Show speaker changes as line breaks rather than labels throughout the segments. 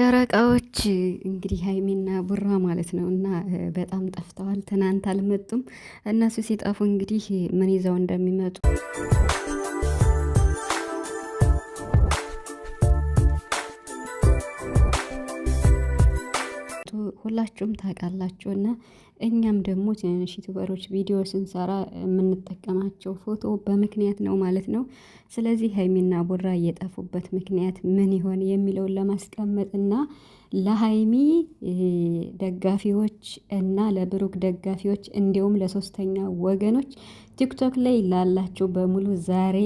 ጨረቃዎች እንግዲህ ሀይሚና ቡራ ማለት ነው እና በጣም ጠፍተዋል። ትናንት አልመጡም። እነሱ ሲጠፉ እንግዲህ ምን ይዘው እንደሚመጡ ሁላችሁም ታውቃላችሁ እና እኛም ደግሞ ትንንሽ ዩቱበሮች ቪዲዮ ስንሰራ የምንጠቀማቸው ፎቶ በምክንያት ነው ማለት ነው። ስለዚህ ሀይሚና ቡራ የጠፉበት ምክንያት ምን ይሆን የሚለውን ለማስቀመጥ እና ለሀይሚ ደጋፊዎች እና ለብሩክ ደጋፊዎች እንዲሁም ለሶስተኛ ወገኖች ቲክቶክ ላይ ላላቸው በሙሉ ዛሬ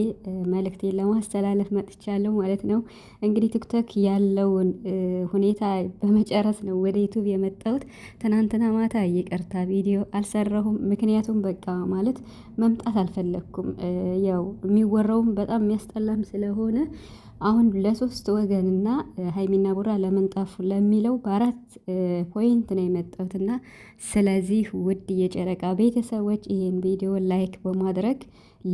መልእክቴን ለማስተላለፍ መጥቻለሁ ማለት ነው። እንግዲህ ቲክቶክ ያለውን ሁኔታ በመጨረስ ነው ወደ ዩቱብ የመጣሁት። ትናንትና ማታ ይቅር ይቅርታ ቪዲዮ አልሰራሁም። ምክንያቱም በቃ ማለት መምጣት አልፈለግኩም። ያው የሚወራውም በጣም የሚያስጠላም ስለሆነ አሁን ለሶስት ወገንና ሀይሚና ቡራ ለመንጣፉ ለሚለው በአራት ፖይንት ነው የመጣሁትና ስለዚህ ውድ የጨረቃ ቤተሰቦች ይሄን ቪዲዮ ላይክ በማድረግ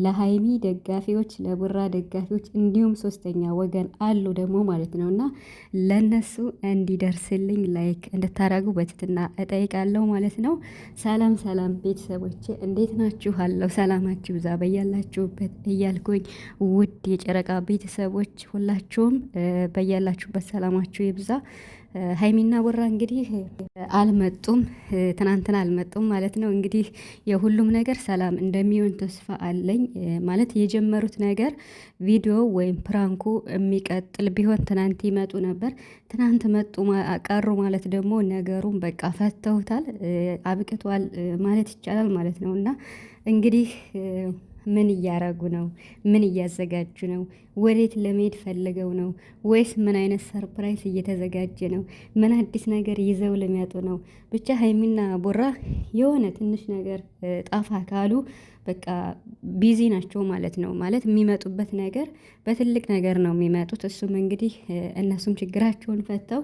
ለሀይሚ ደጋፊዎች፣ ለቡራ ደጋፊዎች እንዲሁም ሶስተኛ ወገን አሉ ደግሞ ማለት ነው እና ለነሱ እንዲደርስልኝ ላይክ እንድታረጉ በትትና እጠይቃለሁ ማለት ነው። ሰላም ሰላም ቤተሰቦቼ እንዴት ናችሁ? አለው ሰላማችሁ ብዛ በያላችሁበት እያልኩኝ ውድ የጨረቃ ቤተሰቦች ሁላችሁም በያላችሁበት ሰላማችሁ ይብዛ። ሀይሚና ወራ እንግዲህ አልመጡም፣ ትናንትና አልመጡም ማለት ነው። እንግዲህ የሁሉም ነገር ሰላም እንደሚሆን ተስፋ አለኝ ማለት የጀመሩት ነገር ቪዲዮ ወይም ፕራንኩ የሚቀጥል ቢሆን ትናንት ይመጡ ነበር። ትናንት መጡ ቀሩ ማለት ደግሞ ነገሩን በቃ ፈተውታል፣ አብቅቷል ማለት ይቻላል ማለት ነው እና እንግዲህ ምን እያረጉ ነው? ምን እያዘጋጁ ነው? ወዴት ለመሄድ ፈልገው ነው? ወይስ ምን አይነት ሰርፕራይዝ እየተዘጋጀ ነው? ምን አዲስ ነገር ይዘው ለሚያጡ ነው? ብቻ ሀይሚና ቦራ የሆነ ትንሽ ነገር ጣፋ ካሉ በቃ ቢዚ ናቸው ማለት ነው። ማለት የሚመጡበት ነገር በትልቅ ነገር ነው የሚመጡት። እሱም እንግዲህ እነሱም ችግራቸውን ፈተው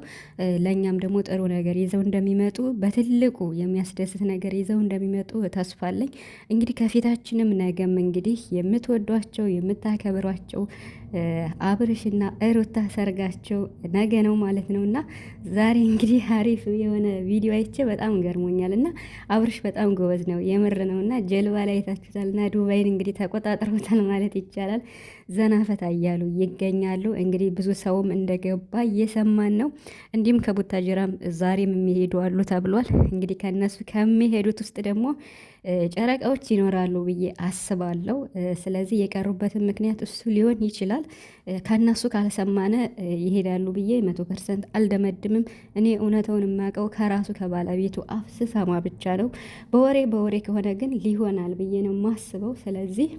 ለእኛም ደግሞ ጥሩ ነገር ይዘው እንደሚመጡ በትልቁ የሚያስደስት ነገር ይዘው እንደሚመጡ ተስፋ አለኝ። እንግዲህ ከፊታችንም ነገም እንግዲህ የምትወዷቸው የምታከብሯቸው አብርሽና እሩታ ሰርጋቸው ነገ ነው ማለት ነው። እና ዛሬ እንግዲህ አሪፍ የሆነ ቪዲዮ አይቼ በጣም ገርሞኛል። እና አብርሽ በጣም ጎበዝ ነው የምር ነው። እና ጀልባ ላይ አይታችሁታል። እና ዱባይን እንግዲህ ተቆጣጥሮታል ማለት ይቻላል። ዘናፈታ እያሉ ይገኛሉ። እንግዲህ ብዙ ሰውም እንደገባ እየሰማን ነው። እንዲሁም ከቡታጅራም ዛሬም የሚሄዱ አሉ ተብሏል። እንግዲህ ከነሱ ከሚሄዱት ውስጥ ደግሞ ጨረቃዎች ይኖራሉ ብዬ አስባለሁ። ስለዚህ የቀሩበትን ምክንያት እሱ ሊሆን ይችላል። ከእነሱ ካልሰማነ ይሄዳሉ ብዬ መቶ ፐርሰንት አልደመድምም። እኔ እውነተውን የማውቀው ከራሱ ከባለቤቱ አፍ ስሰማ ብቻ ነው። በወሬ በወሬ ከሆነ ግን ሊሆናል ብዬ ነው የማስበው። ስለዚህ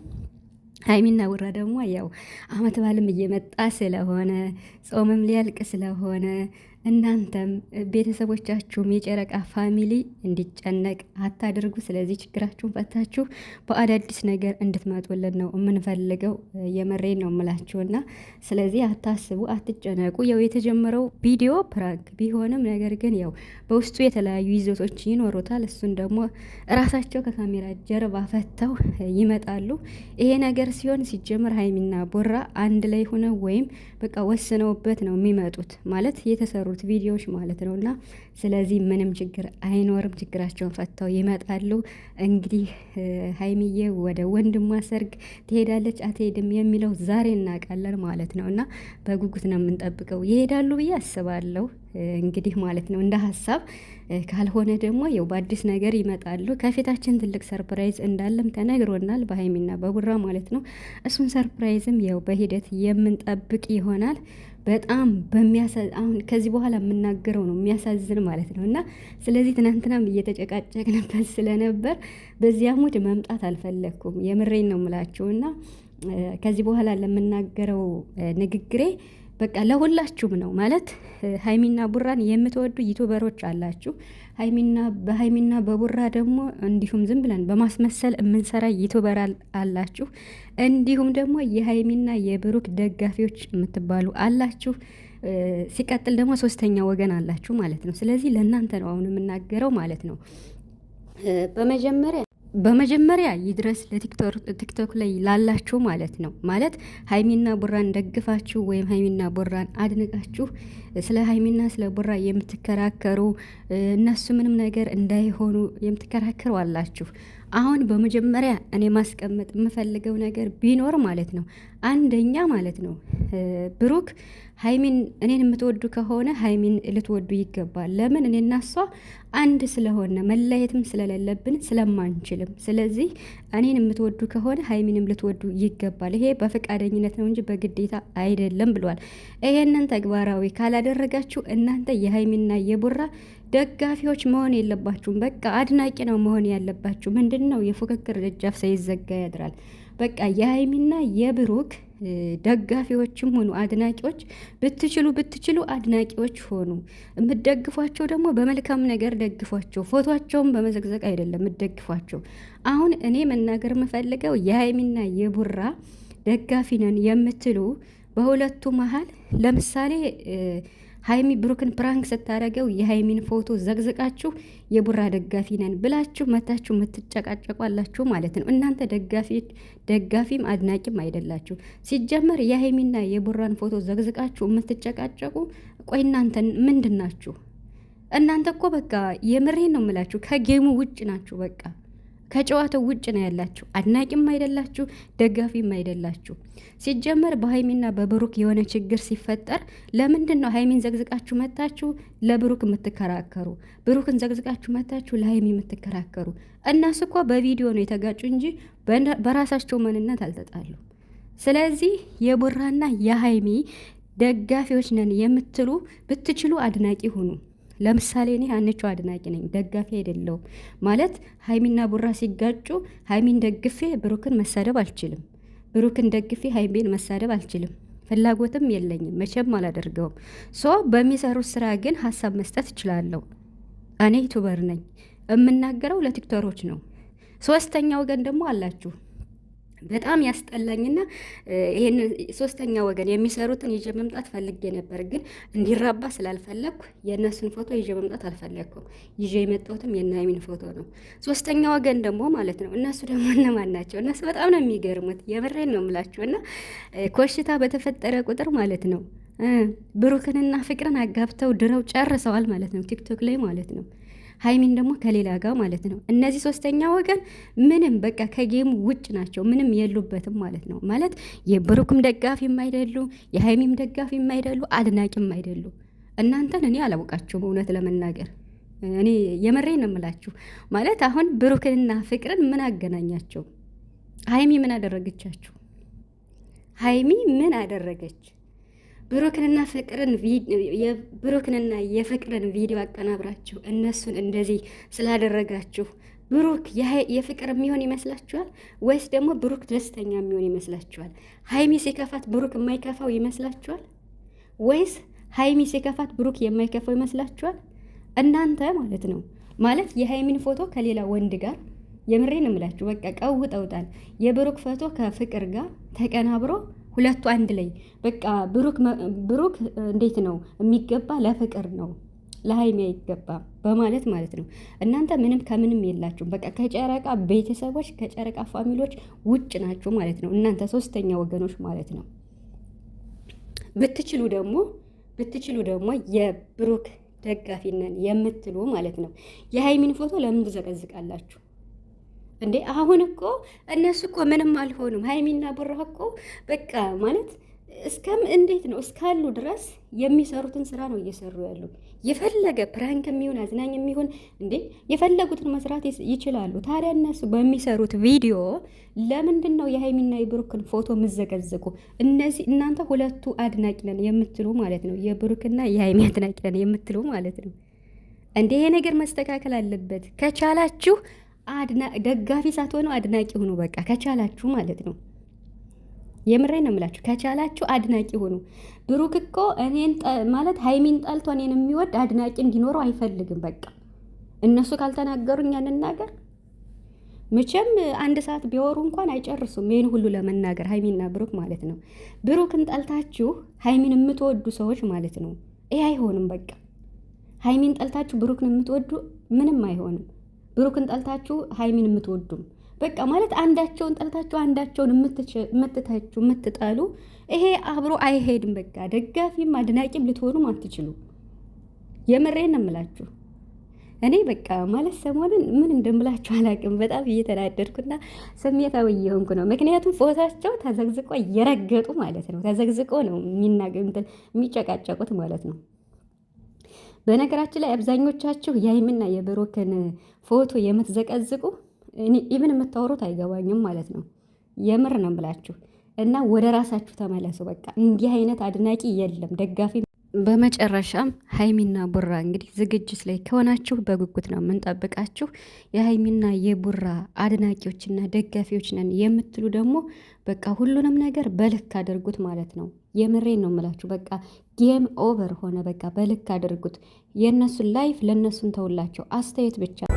ሀይሚና ውራ ደግሞ ያው አመት በዓልም እየመጣ ስለሆነ ጾምም ሊያልቅ ስለሆነ እናንተም ቤተሰቦቻችሁም የጨረቃ ፋሚሊ እንዲጨነቅ አታድርጉ። ስለዚህ ችግራችሁን ፈታችሁ በአዳዲስ ነገር እንድትመጡልን ነው የምንፈልገው። የመሬ ነው የምላችሁና ስለዚህ አታስቡ፣ አትጨነቁ። ያው የተጀመረው ቪዲዮ ፕራንክ ቢሆንም ነገር ግን ያው በውስጡ የተለያዩ ይዘቶች ይኖሩታል። እሱን ደግሞ እራሳቸው ከካሜራ ጀርባ ፈተው ይመጣሉ። ይሄ ነገር ሲሆን ሲጀምር ሀይሚና ቦራ አንድ ላይ ሆነው ወይም በቃ ወስነውበት ነው የሚመጡት ማለት የተሰሩ በሚሰሩት ቪዲዮዎች ማለት ነው። እና ስለዚህ ምንም ችግር አይኖርም። ችግራቸውን ፈጥተው ይመጣሉ። እንግዲህ ሀይሚዬ ወደ ወንድሟ ሰርግ ትሄዳለች አትሄድም የሚለው ዛሬ እናውቃለን ማለት ነው። እና በጉጉት ነው የምንጠብቀው። ይሄዳሉ ብዬ አስባለሁ እንግዲህ ማለት ነው እንደ ሀሳብ። ካልሆነ ደግሞ ያው በአዲስ ነገር ይመጣሉ። ከፊታችን ትልቅ ሰርፕራይዝ እንዳለም ተነግሮናል በሀይሚና በቡራ ማለት ነው። እሱን ሰርፕራይዝም ያው በሂደት የምንጠብቅ ይሆናል። በጣም በሚያሳ ከዚህ በኋላ የምናገረው ነው የሚያሳዝን ማለት ነው። እና ስለዚህ ትናንትናም እየተጨቃጨቅንበት ስለነበር በዚያ ሙድ መምጣት አልፈለግኩም። የምሬን ነው የምላችሁ እና ከዚህ በኋላ ለምናገረው ንግግሬ በቃ ለሁላችሁም ነው ማለት ሀይሚና ቡራን የምትወዱ ዩቱበሮች አላችሁ። ሀይሚና በሀይሚና በቡራ ደግሞ እንዲሁም ዝም ብለን በማስመሰል የምንሰራ ዩቱበር አላችሁ። እንዲሁም ደግሞ የሀይሚና የብሩክ ደጋፊዎች የምትባሉ አላችሁ። ሲቀጥል ደግሞ ሶስተኛ ወገን አላችሁ ማለት ነው። ስለዚህ ለእናንተ ነው አሁን የምናገረው ማለት
ነው በመጀመሪያ
በመጀመሪያ ይድረስ ለቲክቶክ ላይ ላላችሁ ማለት ነው። ማለት ሀይሚና ቡራን ደግፋችሁ ወይም ሀይሚና ቡራን አድንቃችሁ ስለ ሀይሚና ስለ ቡራ የምትከራከሩ እነሱ ምንም ነገር እንዳይሆኑ የምትከራከሩ አላችሁ። አሁን በመጀመሪያ እኔ ማስቀመጥ የምፈልገው ነገር ቢኖር ማለት ነው አንደኛ ማለት ነው ብሩክ ሀይሚን እኔን የምትወዱ ከሆነ ሀይሚን ልትወዱ ይገባል። ለምን እኔና እሷ አንድ ስለሆነ መለየትም ስለሌለብን ስለማንችልም። ስለዚህ እኔን የምትወዱ ከሆነ ሀይሚንም ልትወዱ ይገባል። ይሄ በፈቃደኝነት ነው እንጂ በግዴታ አይደለም ብሏል። ይሄንን ተግባራዊ ካላደረጋችሁ እናንተ የሀይሚና የቡራ ደጋፊዎች መሆን የለባችሁም። በቃ አድናቂ ነው መሆን ያለባችሁ። ምንድን ነው የፉክክር ደጃፍ ሳይዘጋ ያድራል። በቃ የሀይሚና የብሩክ ደጋፊዎችም ሆኑ አድናቂዎች ብትችሉ ብትችሉ አድናቂዎች ሆኑ። የምትደግፏቸው ደግሞ በመልካም ነገር ደግፏቸው፣ ፎቶቸውን በመዘግዘቅ አይደለም የምትደግፏቸው። አሁን እኔ መናገር የምፈልገው የሀይሚና የቡራ ደጋፊ ነን የምትሉ በሁለቱ መሀል ለምሳሌ ሀይሚ ብሩክን ፕራንክ ስታደርገው የሀይሚን ፎቶ ዘግዝቃችሁ የቡራ ደጋፊ ነን ብላችሁ መታችሁ የምትጨቃጨቋላችሁ ማለት ነው። እናንተ ደጋፊም አድናቂም አይደላችሁ። ሲጀመር የሀይሚና የቡራን ፎቶ ዘግዝቃችሁ የምትጨቃጨቁ ቆይ እናንተ ምንድን ናችሁ? እናንተ እኮ በቃ የምሬን ነው የምላችሁ፣ ከጌሙ ውጭ ናችሁ በቃ ከጨዋታው ውጭ ነው ያላችሁ። አድናቂም አይደላችሁ፣ ደጋፊም አይደላችሁ። ሲጀመር በሀይሚና በብሩክ የሆነ ችግር ሲፈጠር ለምንድን ነው ሀይሚን ዘግዝቃችሁ መታችሁ ለብሩክ የምትከራከሩ? ብሩክን ዘግዝቃችሁ መታችሁ ለሀይሚ የምትከራከሩ? እነሱ እኮ በቪዲዮ ነው የተጋጩ እንጂ በራሳቸው ማንነት አልተጣሉ። ስለዚህ የቡራና የሀይሚ ደጋፊዎች ነን የምትሉ ብትችሉ አድናቂ ሁኑ። ለምሳሌ እኔ ሀኒቾው አድናቂ ነኝ፣ ደጋፊ አይደለሁም። ማለት ሀይሚና ቡራ ሲጋጩ ሀይሚን ደግፌ ብሩክን መሳደብ አልችልም፣ ብሩክን ደግፌ ሀይሚን መሳደብ አልችልም። ፍላጎትም የለኝም፣ መቼም አላደርገውም። ሶ በሚሰሩት ስራ ግን ሀሳብ መስጠት እችላለሁ። እኔ ዩቱበር ነኝ፣ የምናገረው ለቲክተሮች ነው። ሶስተኛ ወገን ደግሞ አላችሁ በጣም ያስጠላኝና ይሄን ሶስተኛ ወገን የሚሰሩትን ይዤ መምጣት ፈልጌ ነበር፣ ግን እንዲራባ ስላልፈለግኩ የእነሱን ፎቶ ይዤ መምጣት አልፈለግኩም። ይዤ የመጣሁትም የናይሚን ፎቶ ነው። ሶስተኛ ወገን ደግሞ ማለት ነው። እነሱ ደግሞ እነማን ናቸው? እነሱ በጣም ነው የሚገርሙት። የብሬን ነው የምላቸው እና ኮሽታ በተፈጠረ ቁጥር ማለት ነው ብሩክንና ፍቅርን አጋብተው ድረው ጨርሰዋል ማለት ነው፣ ቲክቶክ ላይ ማለት ነው። ሀይሚን ደግሞ ከሌላ ጋር ማለት ነው። እነዚህ ሶስተኛ ወገን ምንም በቃ ከጌሙ ውጭ ናቸው፣ ምንም የሉበትም ማለት ነው። ማለት የብሩክም ደጋፊ የማይደሉ የሀይሚም ደጋፊ የማይደሉ አድናቂ አይደሉ። እናንተን እኔ አላውቃችሁም እውነት ለመናገር እኔ የመሬ ነው የምላችሁ። ማለት አሁን ብሩክንና ፍቅርን ምን አገናኛቸው? ሀይሚ ምን አደረገቻችሁ? ሀይሚ ምን አደረገች? ብሩክንና ፍቅርን የብሩክንና የፍቅርን ቪዲዮ አቀናብራችሁ እነሱን እንደዚህ ስላደረጋችሁ ብሩክ የፍቅር የሚሆን ይመስላችኋል ወይስ ደግሞ ብሩክ ደስተኛ የሚሆን ይመስላችኋል? ሀይሚ ሲከፋት ብሩክ የማይከፋው ይመስላችኋል ወይስ ሀይሚ ሲከፋት ብሩክ የማይከፋው ይመስላችኋል? እናንተ ማለት ነው ማለት የሀይሚን ፎቶ ከሌላ ወንድ ጋር የምሬን እምላችሁ በቃ ቀውጠውታል። የብሩክ ፎቶ ከፍቅር ጋር ተቀናብሮ ሁለቱ አንድ ላይ በቃ ብሩክ ብሩክ እንዴት ነው የሚገባ ለፍቅር ነው ለሀይሚ ይገባ በማለት ማለት ነው። እናንተ ምንም ከምንም የላችሁም። በቃ ከጨረቃ ቤተሰቦች ከጨረቃ ፋሚሊዎች ውጭ ናችሁ ማለት ነው። እናንተ ሶስተኛ ወገኖች ማለት ነው። ብትችሉ ደግሞ ብትችሉ ደግሞ የብሩክ ደጋፊነን የምትሉ ማለት ነው የሀይሚን ፎቶ ለምን ትዘቀዝቃላችሁ? እንዴ አሁን እኮ እነሱ እኮ ምንም አልሆኑም። ሀይሚና ቡራ እኮ በቃ ማለት እስከም እንዴት ነው እስካሉ ድረስ የሚሰሩትን ስራ ነው እየሰሩ ያሉ። የፈለገ ፕራንክ የሚሆን አዝናኝ የሚሆን እንዴ የፈለጉትን መስራት ይችላሉ። ታዲያ እነሱ በሚሰሩት ቪዲዮ ለምንድን ነው የሀይሚና የብሩክን ፎቶ የምዘገዝቁ? እነዚህ እናንተ ሁለቱ አድናቂ ነን የምትሉ ማለት ነው፣ የብሩክና የሀይሚ አድናቂ ነን የምትሉ ማለት ነው። እንዴ ይሄ ነገር መስተካከል አለበት ከቻላችሁ ደጋፊ ሳትሆኑ አድናቂ ሆኑ። በቃ ከቻላችሁ ማለት ነው። የምሬን ነው የምላችሁ። ከቻላችሁ አድናቂ ሆኑ። ብሩክ እኮ እኔን ማለት ሀይሚን ጠልቶ እኔን የሚወድ አድናቂ እንዲኖረው አይፈልግም። በቃ እነሱ ካልተናገሩኝ ነገር መቼም አንድ ሰዓት ቢወሩ እንኳን አይጨርሱም። ይህን ሁሉ ለመናገር ሀይሚና ብሩክ ማለት ነው። ብሩክን ጠልታችሁ ሀይሚን የምትወዱ ሰዎች ማለት ነው። ይህ አይሆንም። በቃ ሀይሚን ጠልታችሁ ብሩክን የምትወዱ ምንም አይሆንም። ብሩክን ጠልታችሁ ሀይሚን የምትወዱም በቃ ማለት አንዳቸውን ጠልታችሁ አንዳቸውን የምትተችሁ የምትጠሉ፣ ይሄ አብሮ አይሄድም። በቃ ደጋፊም አድናቂም ልትሆኑም አትችሉ። የምሬን ነው የምላችሁ። እኔ በቃ ማለት ሰሞኑን ምን እንደምላችሁ አላውቅም። በጣም እየተናደድኩና ስሜታዊ እየሆንኩ ነው። ምክንያቱም ፎታቸው ተዘግዝቆ እየረገጡ ማለት ነው። ተዘግዝቆ ነው የሚጨቃጨቁት ማለት ነው። በነገራችን ላይ አብዛኞቻችሁ የሀይሚና የብሩክን ፎቶ የምትዘቀዝቁ ኢቭን የምታወሩት አይገባኝም ማለት ነው። የምር ነው ብላችሁ እና ወደ ራሳችሁ ተመለሱ። በቃ እንዲህ አይነት አድናቂ የለም ደጋፊ በመጨረሻም ሀይሚና ቡራ እንግዲህ ዝግጅት ላይ ከሆናችሁ በጉጉት ነው የምንጠብቃችሁ። የሀይሚና የቡራ አድናቂዎችና ደጋፊዎች ነን የምትሉ ደግሞ በቃ ሁሉንም ነገር በልክ አድርጉት ማለት ነው። የምሬን ነው የምላችሁ። በቃ ጌም ኦቨር ሆነ። በቃ በልክ አድርጉት። የእነሱን ላይፍ ለእነሱን ተውላቸው፣ አስተያየት ብቻ